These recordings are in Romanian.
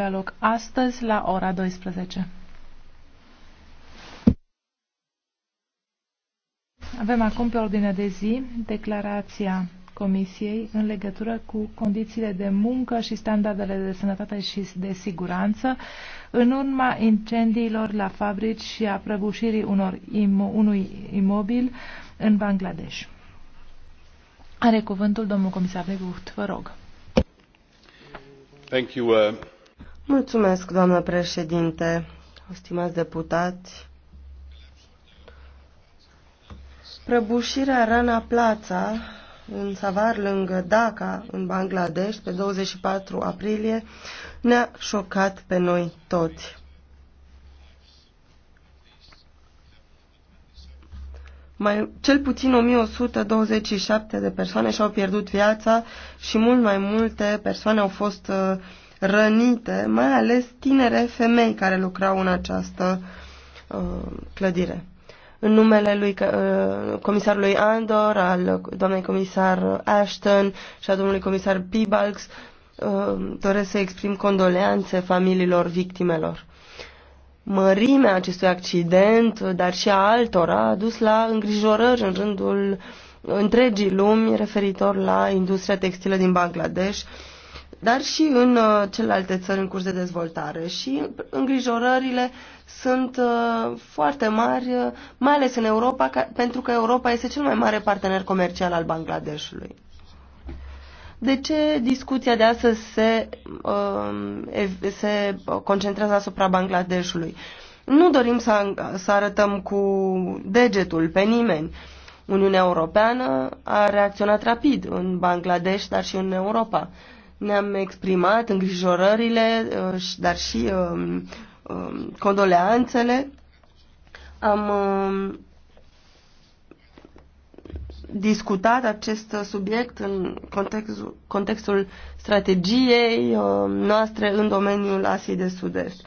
avea loc astăzi la ora 12. Avem acum pe ordine de zi declarația Comisiei în legătură cu condițiile de muncă și standardele de sănătate și de siguranță în urma incendiilor la fabrici și a prăbușirii unor im unui imobil în Bangladesh. Are cuvântul domnul comisar Begut. Vă rog. Thank you, uh... Mulțumesc, doamnă președinte, stimați deputați. Prăbușirea Rana Plața în Savar, lângă Dhaka, în Bangladesh, pe 24 aprilie, ne-a șocat pe noi toți. Mai, cel puțin 1127 de persoane și-au pierdut viața și mult mai multe persoane au fost uh, rănite, mai ales tinere femei care lucrau în această uh, clădire. În numele lui uh, comisarului Andor, al doamnei comisar Ashton și a domnului comisar Pibalks, uh, doresc să exprim condoleanțe familiilor victimelor. Mărimea acestui accident, dar și a altora, a dus la îngrijorări în rândul întregii lumi referitor la industria textilă din Bangladesh, dar și în uh, celelalte țări în curs de dezvoltare. Și îngrijorările sunt uh, foarte mari, uh, mai ales în Europa, pentru că Europa este cel mai mare partener comercial al Bangladeshului. De ce discuția de astăzi se, um, se concentrează asupra Bangladeshului? Nu dorim să, să arătăm cu degetul pe nimeni. Uniunea Europeană a reacționat rapid în Bangladesh, dar și în Europa ne-am exprimat îngrijorările, uh, dar și um, um, condoleanțele. Am um, discutat acest subiect în contextul, contextul strategiei uh, noastre în domeniul Asiei de Sud-Est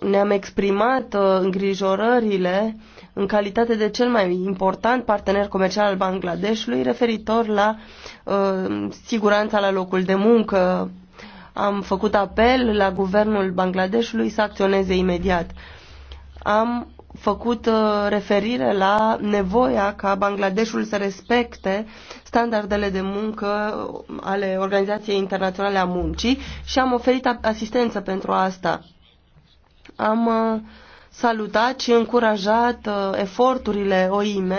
ne-am exprimat uh, îngrijorările în calitate de cel mai important partener comercial al Bangladeshului referitor la uh, siguranța la locul de muncă. Am făcut apel la guvernul Bangladeshului să acționeze imediat. Am făcut uh, referire la nevoia ca Bangladeshul să respecte standardele de muncă ale Organizației Internaționale a Muncii și am oferit asistență pentru asta am uh, salutat și încurajat uh, eforturile OIM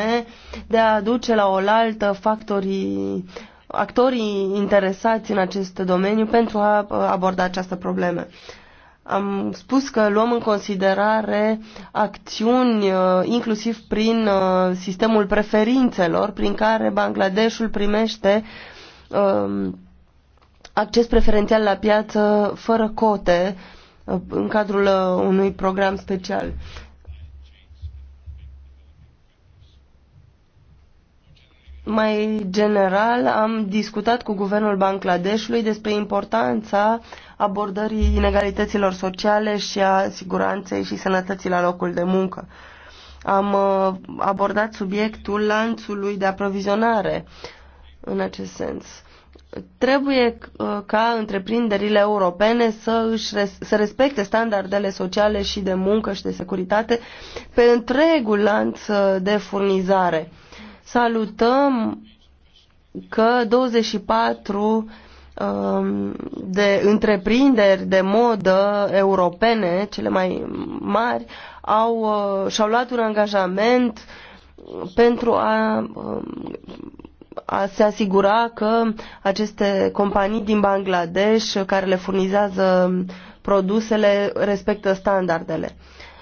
de a aduce la oaltă factorii, actorii interesați în acest domeniu pentru a uh, aborda această problemă. Am spus că luăm în considerare acțiuni inclusiv prin sistemul preferințelor prin care Bangladeshul primește um, acces preferențial la piață fără cote în cadrul uh, unui program special. Mai general, am discutat cu guvernul Bangladeshului despre importanța abordării inegalităților sociale și a siguranței și sănătății la locul de muncă. Am uh, abordat subiectul lanțului de aprovizionare în acest sens. Trebuie uh, ca întreprinderile europene să, își res- să respecte standardele sociale și de muncă și de securitate pe întregul lanț uh, de furnizare. Salutăm că 24 um, de întreprinderi de modă europene, cele mai mari, au, uh, și-au luat un angajament pentru a um, a se asigura că aceste companii din Bangladesh care le furnizează produsele respectă standardele.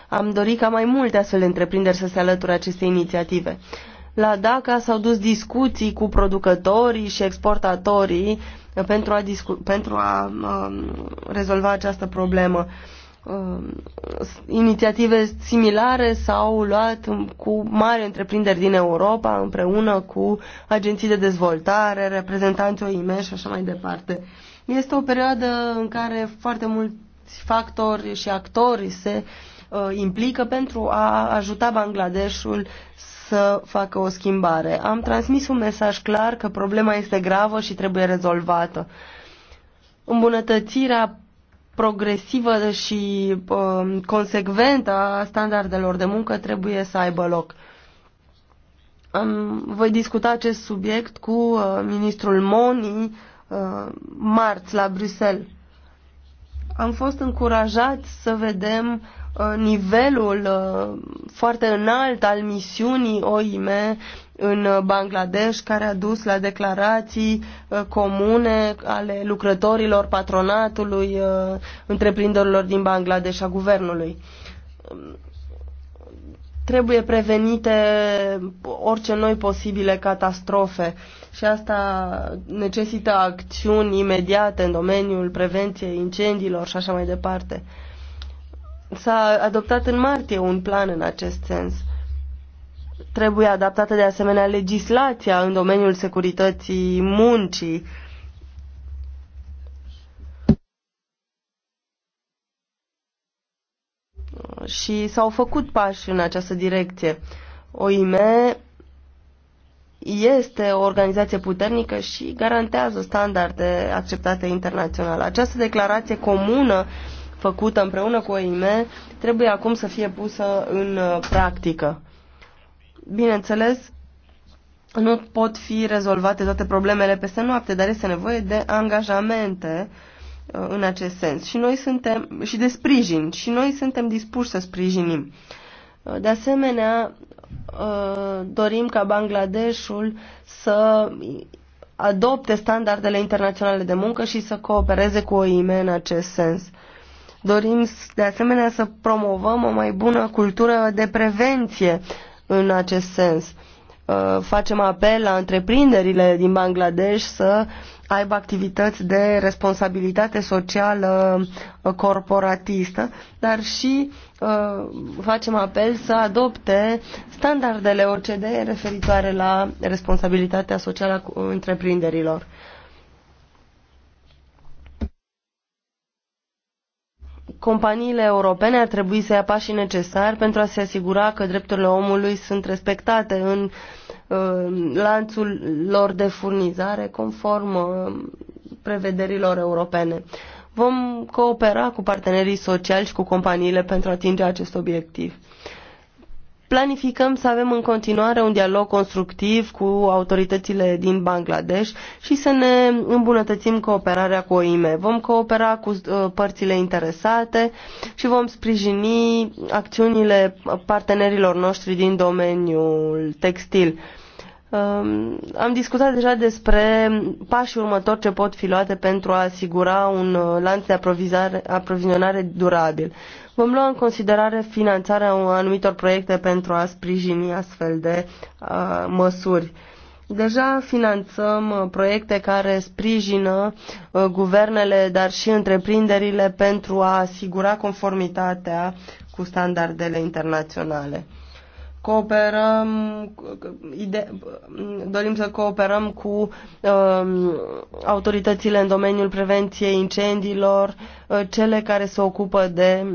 Am dorit ca mai multe astfel de întreprinderi să se alăture acestei inițiative. La DACA s-au dus discuții cu producătorii și exportatorii pentru a, pentru a uh, rezolva această problemă. Uh, Um, inițiative similare s-au luat cu mari întreprinderi din Europa împreună cu agenții de dezvoltare, reprezentanți OIM și așa mai departe. Este o perioadă în care foarte mulți factori și actori se uh, implică pentru a ajuta Bangladeshul să facă o schimbare. Am transmis un mesaj clar că problema este gravă și trebuie rezolvată. Îmbunătățirea progresivă și uh, consecventă a standardelor de muncă trebuie să aibă loc. Um, voi discuta acest subiect cu uh, ministrul Moni uh, marți la Bruxelles. Am fost încurajați să vedem uh, nivelul uh, foarte înalt al misiunii OIM în uh, Bangladesh care a dus la declarații uh, comune ale lucrătorilor, patronatului, uh, întreprinderilor din Bangladesh, a guvernului. Trebuie prevenite orice noi posibile catastrofe și asta necesită acțiuni imediate în domeniul prevenției incendiilor și așa mai departe. S-a adoptat în martie un plan în acest sens. Trebuie adaptată de asemenea legislația în domeniul securității muncii. Și s-au făcut pași în această direcție. OIME este o organizație puternică și garantează standarde acceptate internațional. Această declarație comună făcută împreună cu OIM trebuie acum să fie pusă în uh, practică. Bineînțeles, nu pot fi rezolvate toate problemele peste noapte, dar este nevoie de angajamente uh, în acest sens și noi suntem și de sprijin și noi suntem dispuși să sprijinim. Uh, de asemenea, uh, dorim ca Bangladeshul să adopte standardele internaționale de muncă și să coopereze cu OIM în acest sens. Dorim de asemenea să promovăm o mai bună cultură de prevenție în acest sens. Uh, facem apel la întreprinderile din Bangladesh să aibă activități de responsabilitate socială uh, corporatistă, dar și uh, facem apel să adopte standardele OCDE referitoare la responsabilitatea socială a întreprinderilor. companiile europene ar trebui să ia pașii necesari pentru a se asigura că drepturile omului sunt respectate în uh, lanțul lor de furnizare conform uh, prevederilor europene. Vom coopera cu partenerii sociali și cu companiile pentru a atinge acest obiectiv. Planificăm să avem în continuare un dialog constructiv cu autoritățile din Bangladesh și să ne îmbunătățim cooperarea cu OIM. Vom coopera cu uh, părțile interesate și vom sprijini acțiunile partenerilor noștri din domeniul textil. Um, am discutat deja despre pașii următori ce pot fi luate pentru a asigura un uh, lanț de aprovizionare durabil. Vom lua în considerare finanțarea anumitor proiecte pentru a sprijini astfel de uh, măsuri. Deja finanțăm uh, proiecte care sprijină uh, guvernele, dar și întreprinderile pentru a asigura conformitatea cu standardele internaționale. Cooperăm, uh, ide, dorim să cooperăm cu um, autoritățile în domeniul prevenției incendiilor, cele care se ocupă de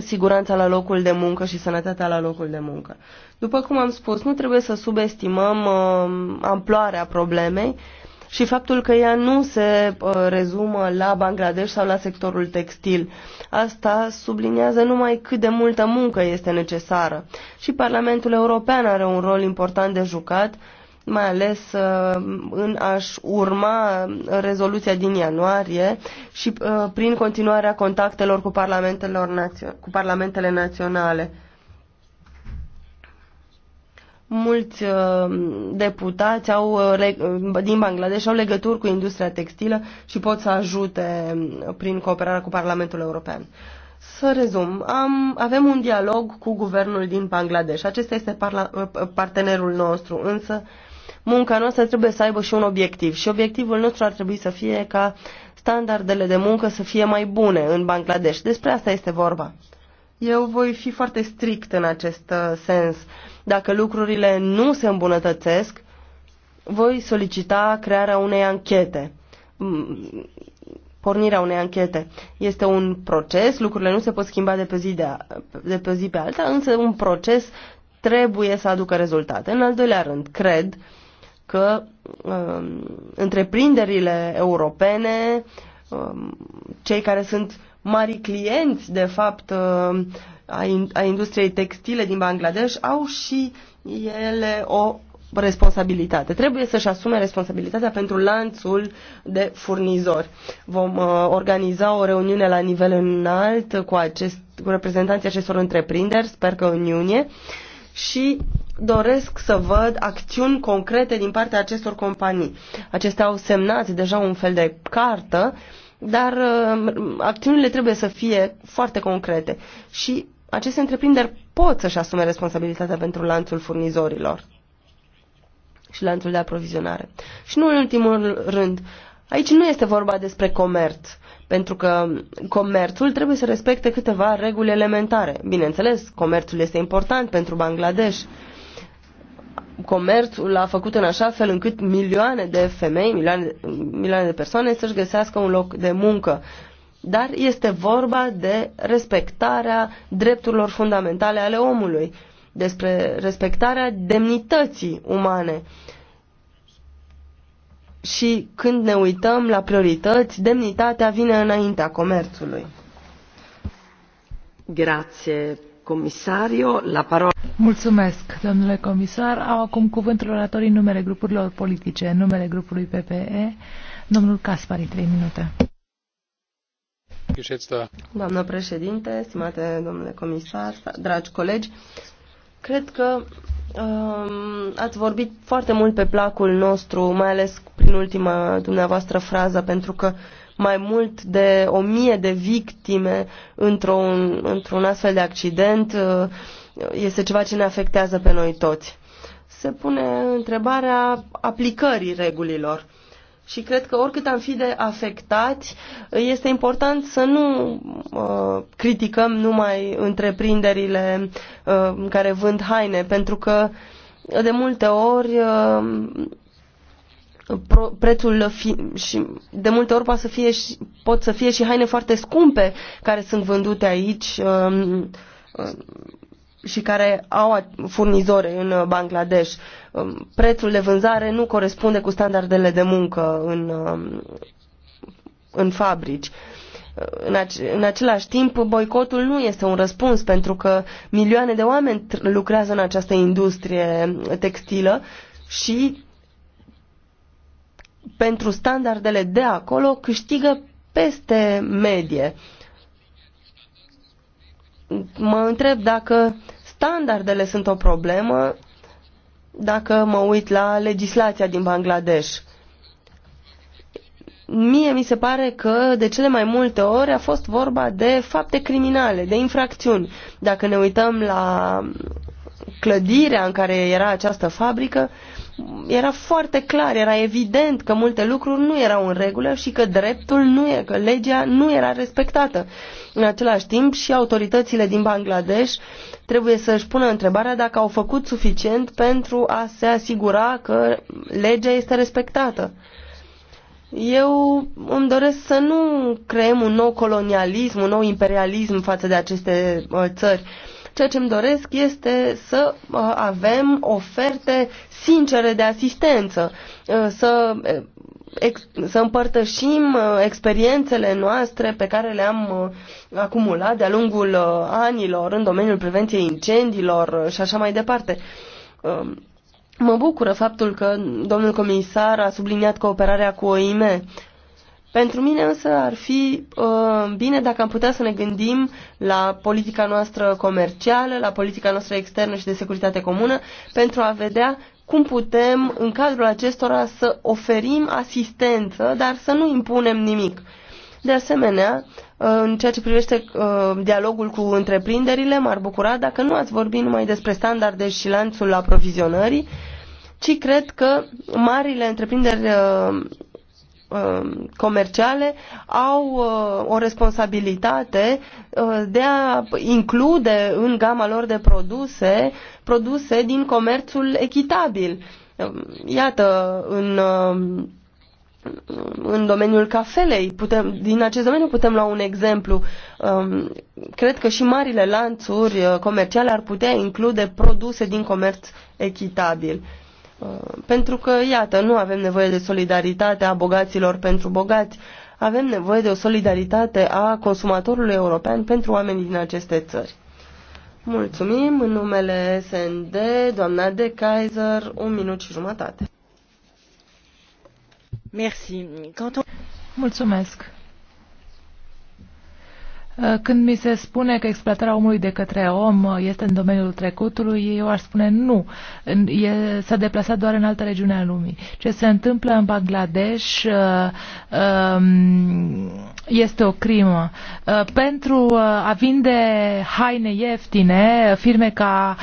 siguranța la locul de muncă și sănătatea la locul de muncă. După cum am spus, nu trebuie să subestimăm uh, amploarea problemei și faptul că ea nu se uh, rezumă la Bangladesh sau la sectorul textil. Asta subliniază numai cât de multă muncă este necesară. Și Parlamentul European are un rol important de jucat mai ales uh, în a-și urma rezoluția din ianuarie și uh, prin continuarea contactelor cu, parlamentelor cu parlamentele naționale. Mulți uh, deputați au, din Bangladesh au legături cu industria textilă și pot să ajute prin cooperarea cu Parlamentul European. Să rezum, am, avem un dialog cu guvernul din Bangladesh. Acesta este parla, partenerul nostru, însă uh, munca noastră trebuie să aibă și un obiectiv și obiectivul nostru ar trebui să fie ca standardele de muncă să fie mai bune în Bangladesh. Despre asta este vorba. Eu voi fi foarte strict în acest uh, sens. Dacă lucrurile nu se îmbunătățesc, voi solicita crearea unei anchete. Mm, pornirea unei anchete. Este un proces, lucrurile nu se pot schimba de pe zi, de a, de pe, zi pe alta, însă un proces trebuie să aducă rezultate. În al doilea rând, cred că um, întreprinderile europene, um, cei care sunt mari clienți, de fapt, um, a industriei textile din Bangladesh, au și ele o responsabilitate. Trebuie să-și asume responsabilitatea pentru lanțul de furnizori. Vom uh, organiza o reuniune la nivel înalt cu, acest, cu reprezentanții acestor întreprinderi, sper că în iunie, uh, și doresc să văd acțiuni concrete din partea acestor companii. Acestea au semnat deja un fel de cartă, dar uh, acțiunile trebuie să fie foarte concrete și aceste întreprinderi pot să-și asume responsabilitatea pentru lanțul furnizorilor și lanțul de aprovizionare. Și nu în ultimul rând, Aici nu este vorba despre comerț, pentru că comerțul trebuie să respecte câteva reguli elementare. Bineînțeles, comerțul este important pentru Bangladesh. Comerțul a făcut în așa fel încât milioane de femei, milioane, milioane de persoane să-și găsească un loc de muncă. Dar este vorba de respectarea drepturilor fundamentale ale omului, despre respectarea demnității umane. Uh, și când ne uităm la priorități, demnitatea vine înaintea comerțului. Grație, comisario. La parola. Mulțumesc, domnule comisar. Au acum cuvântul oratorii numele grupurilor politice, numele grupului PPE. Domnul Caspari, trei minute. Doamnă președinte, stimate domnule comisar, dragi colegi, cred că Um, ați vorbit foarte mult pe placul nostru, mai ales prin ultima dumneavoastră frază, pentru că mai mult de o mie de victime într-un, într-un astfel de accident uh, este ceva ce ne afectează pe noi toți. Se pune întrebarea aplicării regulilor și cred că oricât am fi de afectați, este important să nu uh, criticăm numai întreprinderile uh, care vând haine, pentru că uh, de multe ori uh, prețul fi, și de multe ori poate să fie și, pot să fie și haine foarte scumpe care sunt vândute aici. Uh, uh, și care au furnizori în uh, Bangladesh. Um, prețul de vânzare nu corespunde cu standardele de muncă în, um, în fabrici. Uh, în, ac- în același timp, boicotul nu este un răspuns pentru că milioane de oameni lucrează în această industrie textilă și pentru standardele de acolo câștigă peste medie mă întreb dacă Standardele sunt o problemă dacă mă uit la legislația din Bangladesh. Mie mi se pare că de cele mai multe ori a fost vorba de fapte criminale, de infracțiuni. Dacă ne uităm la clădirea în care era această fabrică, era foarte clar, era evident că multe lucruri nu erau în regulă și că dreptul nu e, că legea nu era respectată. În același timp și autoritățile din Bangladesh trebuie să își pună întrebarea dacă au făcut suficient pentru a se asigura că legea este respectată. Eu îmi doresc să nu creăm un nou colonialism, un nou imperialism față de aceste uh, țări. Ceea ce îmi doresc este să uh, avem oferte sincere de asistență, uh, să să împărtășim uh, experiențele noastre pe care le-am uh, acumulat de-a lungul uh, anilor în domeniul prevenției incendiilor și așa mai departe. Um, mă bucură faptul că domnul comisar a subliniat cooperarea cu OIM. Pentru mine însă ar fi uh, bine dacă am putea să ne gândim la politica noastră comercială, la politica noastră externă și de securitate comună, pentru a vedea cum putem, în cadrul acestora, să oferim asistență, dar să nu impunem nimic. De asemenea, în ceea ce privește uh, dialogul cu întreprinderile, m-ar bucura dacă nu ați vorbit numai despre standarde și lanțul aprovizionării, ci cred că marile întreprinderi uh, uh, comerciale au o responsabilitate de a include în gama lor de produse produse din comerțul echitabil. Ehm, iată, în, ehm, în domeniul cafelei, putem, din acest domeniu putem lua un exemplu. Ehm, cred că și marile lanțuri eh, comerciale ar putea include produse din comerț echitabil. Pentru că, iată, nu avem nevoie de solidaritate a bogaților pentru bogați, avem nevoie de o solidaritate a consumatorului european pentru oamenii din aceste țări. Mulțumim. În numele SND, doamna de Kaiser, un minut și jumătate. Merci. Mulțumesc. Uh, când mi se spune că exploatarea omului de către om uh, este în domeniul trecutului, eu aș spune nu. E, s-a deplasat doar în altă regiune a lumii. Ce se întâmplă în Bangladesh uh, um, este o crimă. Pentru a vinde haine ieftine, firme ca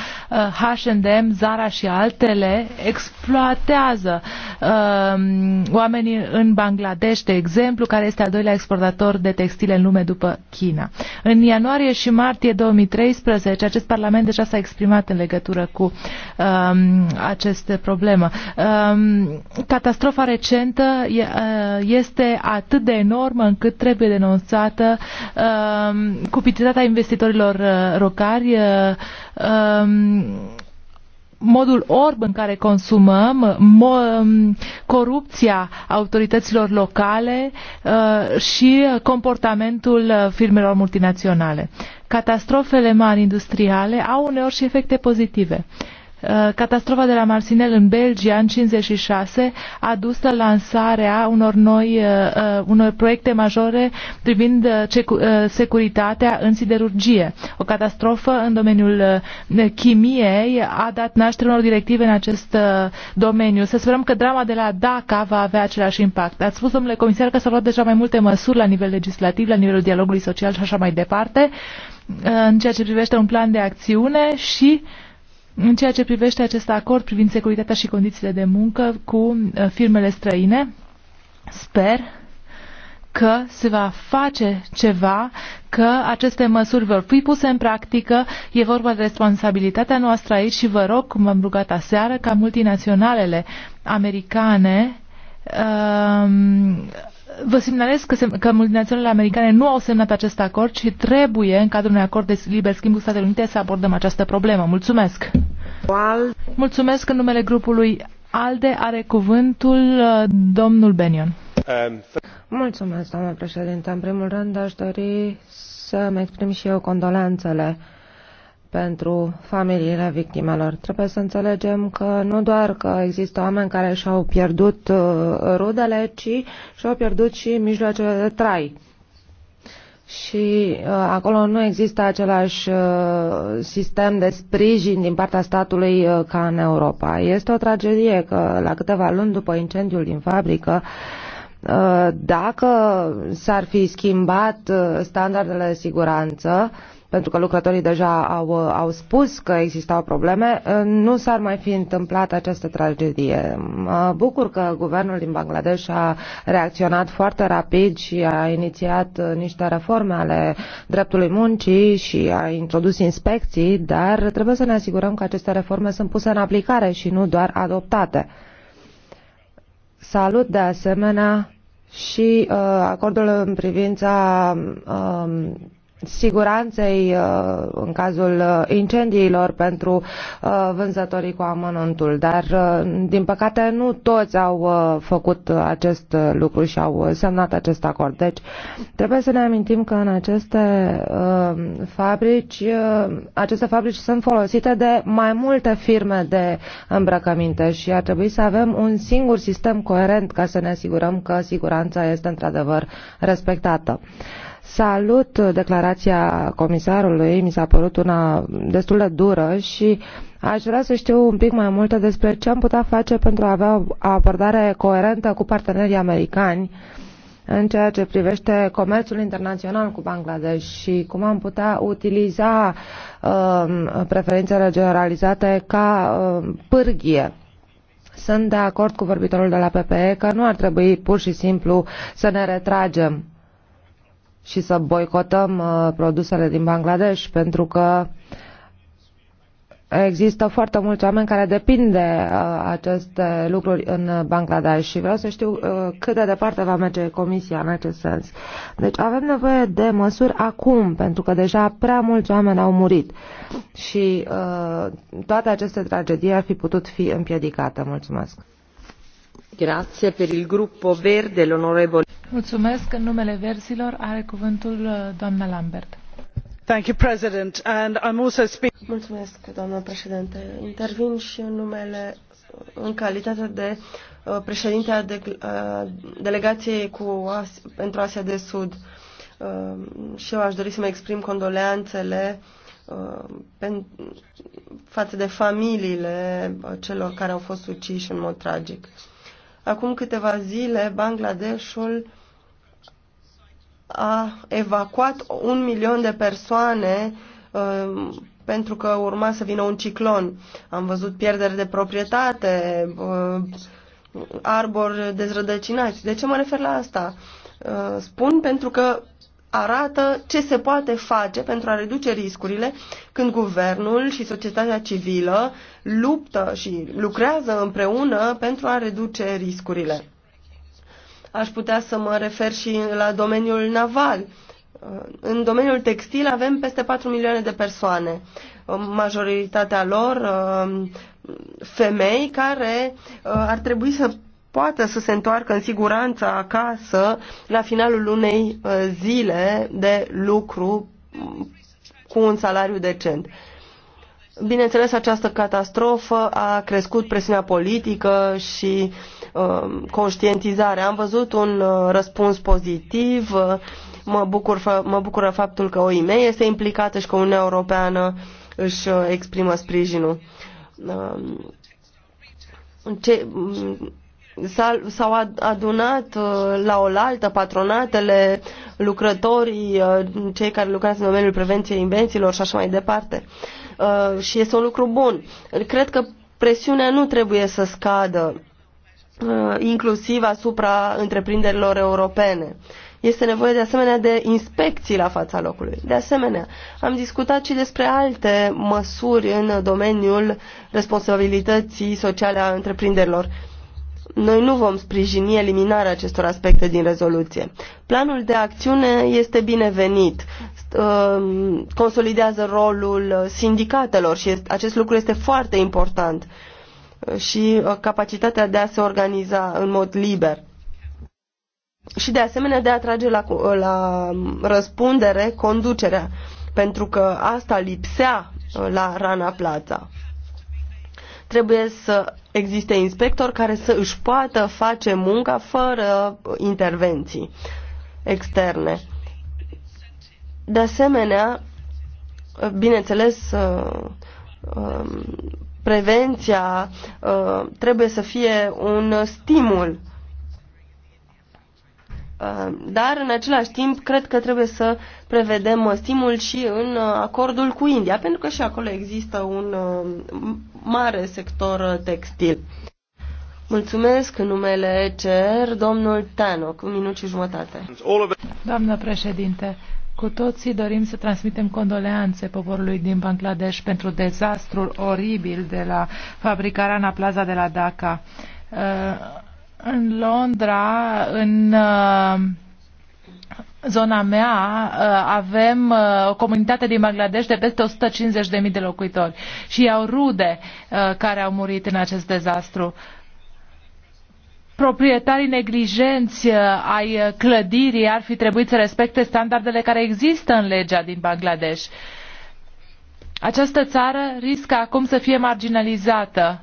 H&M, Zara și altele exploatează um, oamenii în Bangladesh, de exemplu, care este al doilea exportator de textile în lume după China. Ucraina. În ianuarie și martie 2013, acest Parlament deja s-a exprimat în legătură cu um, aceste problemă. Um, catastrofa recentă uh, este atât de enormă încât trebuie denunțată um, cupiditatea investitorilor uh, rocari. Uh, um, modul orb în care consumăm, um, corupția autorităților locale uh, și comportamentul firmelor multinaționale. Catastrofele mari industriale au uneori și efecte pozitive. Uh, catastrofa de la Marsinel în Belgia în 56 a dus la lansarea unor noi uh, uh, unor proiecte majore privind securitatea în siderurgie. O catastrofă în domeniul chimiei a dat naștere unor directive în acest domeniu. Să sperăm că drama de la DACA va avea același impact. Ați spus, domnule comisar, că s-au luat deja mai multe măsuri la nivel legislativ, la nivelul dialogului social și așa mai departe, în ceea ce privește un plan de acțiune și uh, în ceea ce privește acest acord privind securitatea și condițiile de muncă cu uh, firmele străine, sper că se va face ceva, că aceste măsuri vor fi puse în practică. E vorba de responsabilitatea noastră aici și vă rog, cum am rugat aseară, ca multinaționalele americane um, Vă semnalez că, sem- că multinaționalele americane nu au semnat acest acord și trebuie, în cadrul unui acord de liber schimb cu Statele Unite, să abordăm această problemă. Mulțumesc! Al... Mulțumesc în numele grupului ALDE are cuvântul uh, domnul Benion. Um... Mulțumesc, doamnă președinte. În primul rând, aș dori să-mi exprim și eu condolențele pentru familiile victimelor. Trebuie să înțelegem că nu doar că există oameni care și-au pierdut uh, rudele, ci și-au pierdut și mijloacele de trai. Și uh, acolo nu există același uh, sistem de sprijin din partea statului uh, ca în Europa. Este o tragedie că la câteva luni după incendiul din fabrică uh, dacă s-ar fi schimbat uh, standardele de siguranță, pentru că lucrătorii deja au, uh, au spus că existau probleme, uh, nu s-ar mai fi întâmplat această tragedie. Mă bucur că guvernul din Bangladesh a reacționat foarte rapid și a inițiat uh, niște reforme ale dreptului muncii și a introdus inspecții, dar trebuie să ne asigurăm că aceste reforme sunt puse în aplicare și nu doar adoptate. Salut de asemenea și uh, acordul în privința uh, siguranței uh, în cazul uh, incendiilor pentru uh, vânzătorii cu amănuntul, dar din păcate nu toți au făcut acest lucru și au semnat acest acord. Deci trebuie să ne amintim că în aceste fabrici, aceste fabrici sunt folosite de mai multe firme de îmbrăcăminte și ar trebui să avem un singur sistem coerent ca să ne asigurăm că siguranța este într-adevăr respectată. Salut declarația comisarului, mi s-a părut una destul de dură și aș vrea să știu un pic mai multe despre ce am putea face pentru a avea o abordare coerentă cu partenerii americani în ceea ce privește comerțul internațional cu Bangladesh și cum am putea utiliza uh, preferințele generalizate ca uh, pârghie. Sunt de acord cu vorbitorul de la PPE că nu ar trebui pur și simplu să ne retragem și să boicotăm uh, produsele din Bangladesh, pentru că există foarte mulți oameni care depind de uh, aceste lucruri în Bangladesh și vreau să știu uh, cât de departe va merge Comisia în acest sens. Deci avem nevoie de măsuri acum, pentru că deja prea mulți oameni au murit și toate aceste tragedii ar fi putut fi împiedicate. Mulțumesc! Mulțumesc. numele are uh, Lambert. Mulțumesc, doamnă președinte. Intervin și în numele, în calitate de uh, președinte a uh, delegației cu pentru Asia de Sud. Uh, și eu aș dori să mi exprim condoleanțele față de familiile celor care au fost uciși în mod tragic. Acum câteva zile, Bangladeshul a evacuat un milion de persoane uh, pentru că urma să vină un ciclon. Am văzut pierderi de proprietate, uh, arbori dezrădăcinați. De ce mă refer la asta? Uh, spun pentru că arată ce se poate face pentru a reduce riscurile când guvernul și societatea civilă luptă și lucrează împreună pentru a reduce riscurile. Aș putea să mă refer și la domeniul naval. În domeniul textil avem peste 4 milioane de persoane, majoritatea lor uh, femei care uh, ar trebui să poată să se întoarcă în siguranță acasă la finalul unei uh, zile de lucru mm, cu un salariu decent. Bineînțeles, această catastrofă a crescut presiunea politică și uh, conștientizarea. Am văzut un uh, răspuns pozitiv, mă, bucur, mă bucură faptul că OIM este implicată și că Uniunea Europeană își uh, exprimă sprijinul. Uh, ce, uh, s-au adunat uh, la oaltă patronatele, lucrătorii, uh, cei care lucrează în domeniul prevenției invențiilor și așa mai departe. Uh, și este un lucru bun. Cred că presiunea nu trebuie să scadă inclusiv asupra întreprinderilor europene. Este nevoie de asemenea de inspecții la fața locului. De asemenea, am discutat și despre alte măsuri în domeniul responsabilității sociale a întreprinderilor noi nu vom sprijini eliminarea acestor aspecte din rezoluție. Planul de acțiune este binevenit, uh, consolidează rolul sindicatelor și acest lucru este foarte important uh, și uh, capacitatea de a se organiza în mod liber. Și de asemenea de a trage la, la răspundere conducerea, pentru că asta lipsea la Rana Plaza. Trebuie să existe inspector care să își poată face munca fără intervenții externe. De asemenea, bineînțeles, uh, um, prevenția uh, trebuie să fie un stimul Uh, dar în același timp cred că trebuie să prevedem uh, stimul și în uh, acordul cu India, pentru că și acolo există un mare sector textil. Mulțumesc în numele CER, domnul Tanoc, un minut și jumătate. Doamnă președinte, cu toții dorim să transmitem condoleanțe poporului din Bangladesh pentru dezastrul oribil de la fabrica Rana Plaza de la Dhaka. Uh, în Londra, în uh, zona mea uh, avem uh, o comunitate din Bangladesh de peste 150.000 de locuitori și au rude care au murit în acest dezastru. Proprietarii neglijenți ai clădirii ar fi trebuit să respecte standardele care există în legea din Bangladesh. Această țară riscă acum să fie marginalizată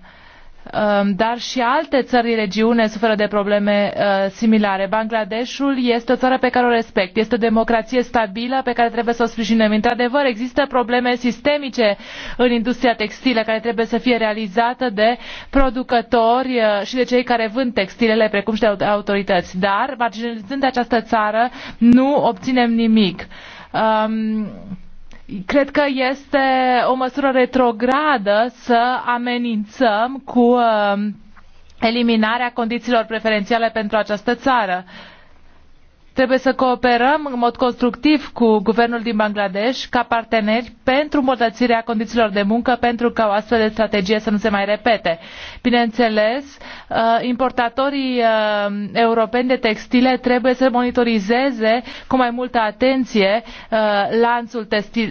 Um, dar și alte țări din regiune suferă de probleme uh, similare. Bangladeshul este o țară pe care o respect, este o democrație stabilă pe care trebuie să o sprijinim. Într-adevăr, există probleme sistemice în industria textilă care trebuie să fie realizată de producători uh, și de cei care vând textilele, precum și de autorități. Dar, marginalizând această țară, nu obținem nimic. Um, cred că este o măsură retrogradă să amenințăm cu uh, eliminarea condițiilor preferențiale pentru această țară. Trebuie să cooperăm în mod constructiv cu guvernul din Bangladesh ca parteneri pentru îmbunătățirea condițiilor de muncă pentru ca o astfel de strategie să nu se mai repete. Bineînțeles, uh, importatorii uh, europeni de textile trebuie să monitorizeze cu mai multă atenție uh, lanțul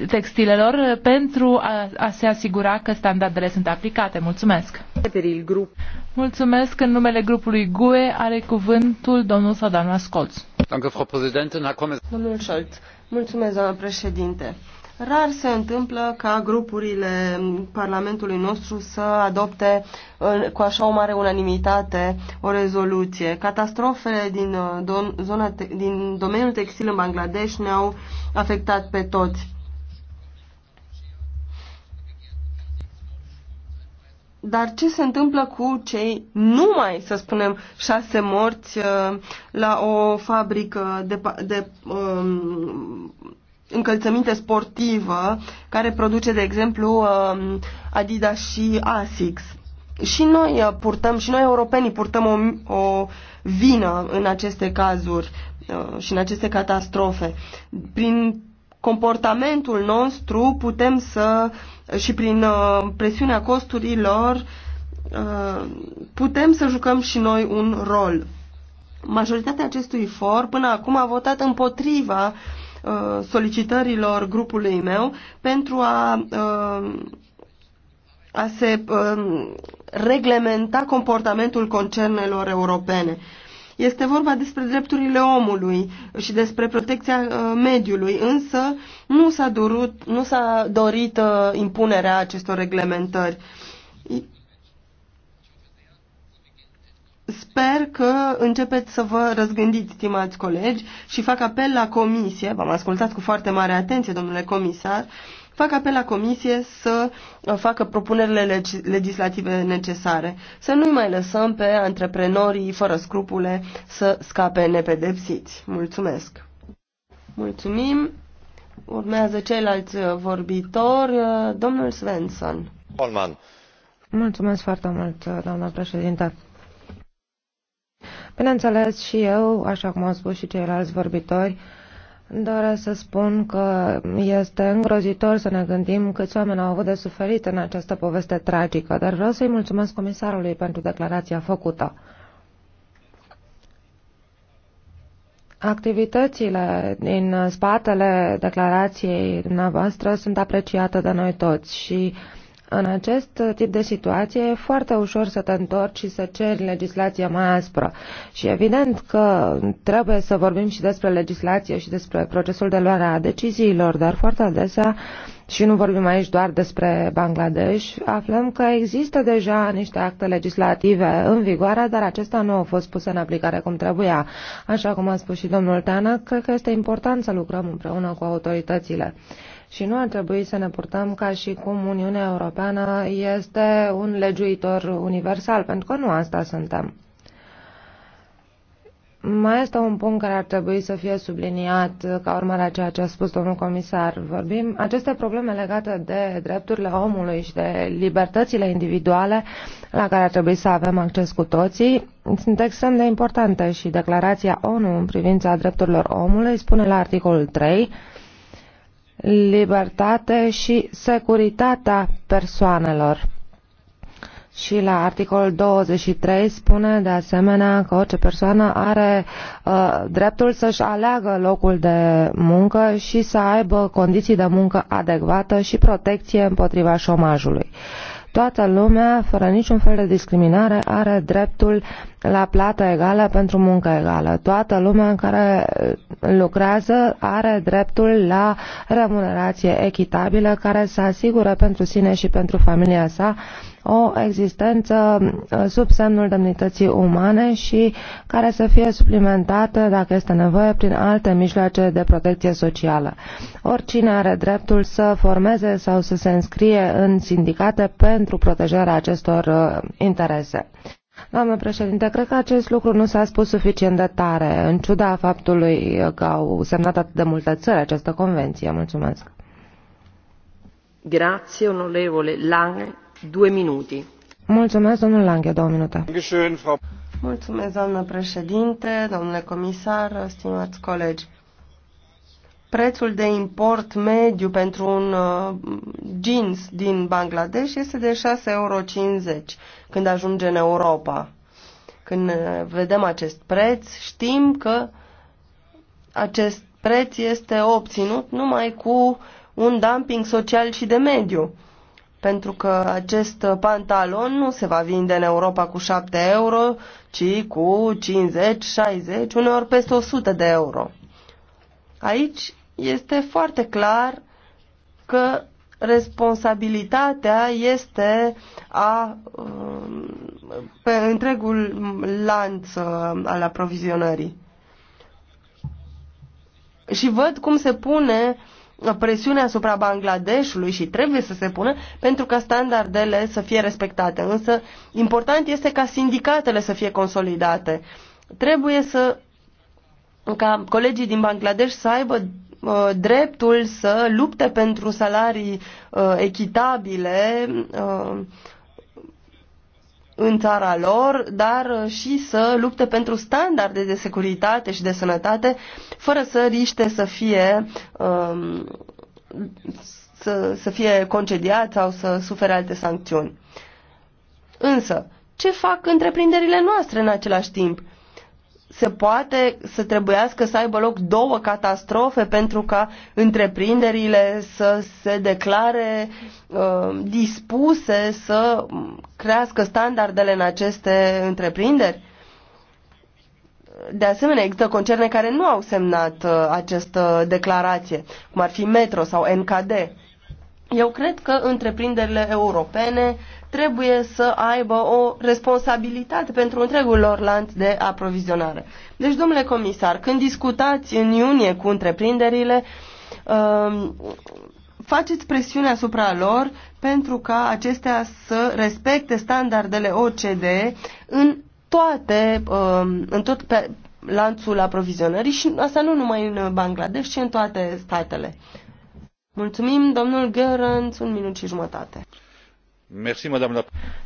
textilelor pentru a se asigura că standardele sunt aplicate. Mulțumesc! Mulțumesc. În numele grupului GUE are cuvântul domnul sau doamna Scholz. Domnul Scholz, mulțumesc, doamnă președinte. Rar se întâmplă ca grupurile Parlamentului nostru să adopte cu așa o mare unanimitate o rezoluție. Catastrofele din, uh, zona, din domeniul textil în Bangladesh ne-au afectat pe toți Dar ce se întâmplă cu cei numai, să spunem, șase morți uh, la o fabrică de, de um, încălțăminte sportivă care produce, de exemplu, um, Adidas și Asics? Și noi uh, purtăm, și noi europenii purtăm o, o vină în aceste cazuri uh, și în aceste catastrofe. Prin comportamentul nostru putem să și prin uh, presiunea costurilor uh, putem să jucăm și noi un rol. Majoritatea acestui for până acum a votat împotriva uh, solicitărilor grupului meu pentru a, a se reglementa comportamentul concernelor europene. Este vorba despre drepturile omului și despre protecția uh, mediului, însă nu s-a, durut, nu s-a dorit uh, impunerea acestor reglementări. Sper că începeți să vă răzgândiți, stimați colegi, și fac apel la comisie, v-am ascultat cu foarte mare atenție, domnule comisar, fac apel la Comisie să uh, facă propunerile legislative necesare, să nu-i mai lăsăm pe antreprenorii fără scrupule să scape nepedepsiți. Mulțumesc! Mulțumim! Urmează ceilalți uh, vorbitori, uh, domnul Svensson. Holman. Mulțumesc foarte mult, doamna președinte. Bineînțeles, și eu, așa cum au spus și ceilalți vorbitori, Doresc să spun că este îngrozitor să ne gândim câți oameni au avut de suferit în această poveste tragică, dar vreau să-i mulțumesc comisarului pentru declarația făcută. Activitățile din spatele declarației dumneavoastră sunt apreciate de noi toți și uh, în acest tip de situație e foarte ușor să te întorci și să ceri legislația mai aspră. Și evident că trebuie să vorbim și despre legislație și despre procesul de luare a deciziilor, dar foarte adesea și nu vorbim aici doar despre Bangladesh, aflăm că există deja niște acte legislative în vigoare, dar acestea nu au fost puse în aplicare cum trebuia. Așa cum a spus și domnul Tană, cred că este important să lucrăm împreună cu autoritățile și nu ar trebui să ne purtăm ca și cum Uniunea Europeană este un legiuitor universal, pentru că nu asta suntem. Mai este un punct care ar trebui să fie subliniat ca urmare a ceea ce a spus domnul comisar. Vorbim aceste probleme legate de drepturile omului și de libertățile individuale la care ar trebui să avem acces cu toții sunt extrem de importante și declarația ONU în privința drepturilor omului spune la articolul 3 libertate și securitatea persoanelor. Și la articolul 23 spune de asemenea că orice persoană are uh, dreptul să-și aleagă locul de muncă și să aibă condiții de muncă adecvată și protecție împotriva șomajului. Toată lumea, fără niciun fel de discriminare, are dreptul la plată egală pentru muncă egală. Toată lumea care lucrează are dreptul la remunerație echitabilă care să asigure pentru sine și pentru familia sa o existență uh, sub semnul demnității umane și care să fie suplimentată, dacă este nevoie, prin alte mijloace de protecție socială. Oricine are dreptul să formeze sau să se înscrie în sindicate pentru protejarea acestor uh, interese. Doamnă președinte, cred că acest lucru nu s-a spus suficient de tare, în ciuda faptului că au semnat atât de multe țări această convenție. Mulțumesc. Grazie, onorevole Lange. Două minute. Mulțumesc, domnul Lange, două minute. Mulțumesc, doamnă președinte, domnule comisar, stimați colegi. Prețul de import mediu pentru un uh, jeans din Bangladesh este de 6,50 euro când ajunge în Europa. Când uh, vedem acest preț, știm că acest preț este obținut numai cu un dumping social și de mediu. Pentru că acest uh, pantalon nu se va vinde în Europa cu 7 euro, ci cu 50, 60, uneori peste 100 de euro. Aici este foarte clar că responsabilitatea este a, um, pe întregul lanț um, al aprovizionării. Și văd cum se pune presiunea asupra Bangladeshului și trebuie să se pună pentru ca standardele să fie respectate. Însă important este ca sindicatele să fie consolidate. Trebuie să ca colegii din Bangladesh să aibă Uh, dreptul să lupte pentru salarii uh, echitabile uh, în țara lor, dar uh, și să lupte pentru standarde de securitate și de sănătate, fără să riște să fie um, să, să fie concediat sau să sufere alte sancțiuni. Însă, ce fac întreprinderile noastre în același timp? se poate să trebuiască să aibă loc două catastrofe pentru ca întreprinderile să se declare uh, dispuse să crească standardele în aceste întreprinderi? De asemenea, există concerne care nu au semnat uh, această declarație, cum ar fi Metro sau NKD. Eu cred că întreprinderile europene trebuie să aibă o responsabilitate pentru întregul lor lanț de aprovizionare. Deci, domnule comisar, când discutați în iunie cu întreprinderile, um, faceți presiune asupra lor pentru ca acestea să respecte standardele OCDE în toate, um, în tot pe lanțul aprovizionării și asta nu numai în Bangladesh, ci în toate statele. Mulțumim, domnul Gerrans, un minut și jumătate.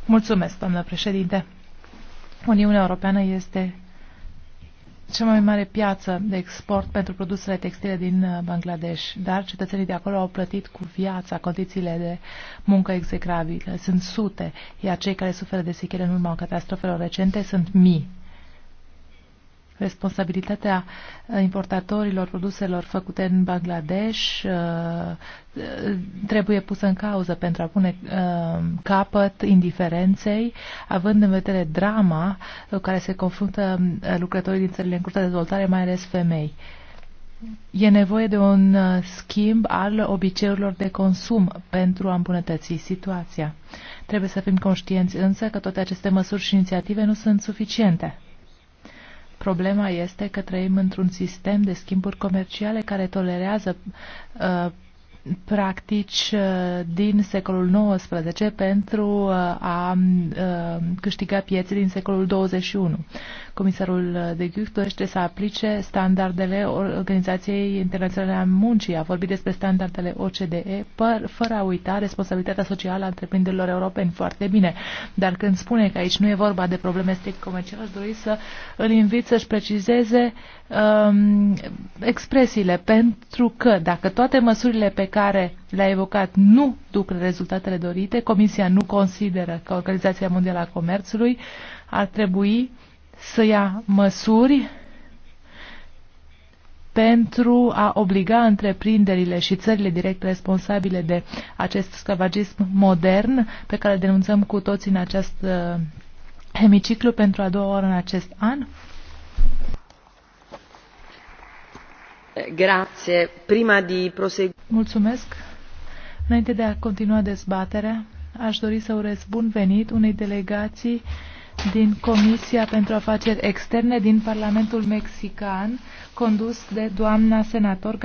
Mulțumesc, doamnă președinte. Uniunea Europeană este cea mai mare piață de export pentru produsele textile din uh, Bangladesh, dar cetățenii de acolo au plătit cu viața condițiile de muncă execrabile. Sunt sute, iar cei care suferă de sechele în urma catastrofelor recente sunt mii responsabilitatea uh, importatorilor produselor făcute în Bangladesh uh, uh, trebuie pusă în cauză pentru a pune capăt indiferenței, având în vedere drama care se confruntă lucrătorii din țările în curs de dezvoltare, mai ales femei. E nevoie de un schimb al obiceiurilor de consum pentru a îmbunătăți situația. Trebuie să fim conștienți însă că toate aceste măsuri și inițiative nu sunt suficiente Problema este că trăim într-un sistem de schimburi comerciale care tolerează uh, practici uh, din secolul XIX pentru uh, a câștiga piețe din secolul 21. Comisarul de Gucht dorește să aplice standardele Organizației Internaționale a Muncii. A vorbit despre standardele OCDE fără a uita responsabilitatea socială a întreprinderilor europeni foarte bine. Dar când spune că aici nu e vorba de probleme strict comerciale, aș dori să îl invit să-și precizeze um, expresiile, pentru că dacă toate măsurile pe care le-a evocat nu duc rezultatele dorite, Comisia nu consideră că Organizația Mondială a Comerțului ar trebui să ia măsuri pentru a obliga întreprinderile și țările direct responsabile de acest sclavagism modern pe care denunțăm cu toți în acest uh, hemiciclu pentru a doua oară în acest an? Grazie. Prima di prosegu... Mulțumesc. Înainte de a continua dezbaterea, aș dori să urez bun venit unei delegații din Comisia pentru Afaceri Externe din Parlamentul Mexican, condus de doamna senator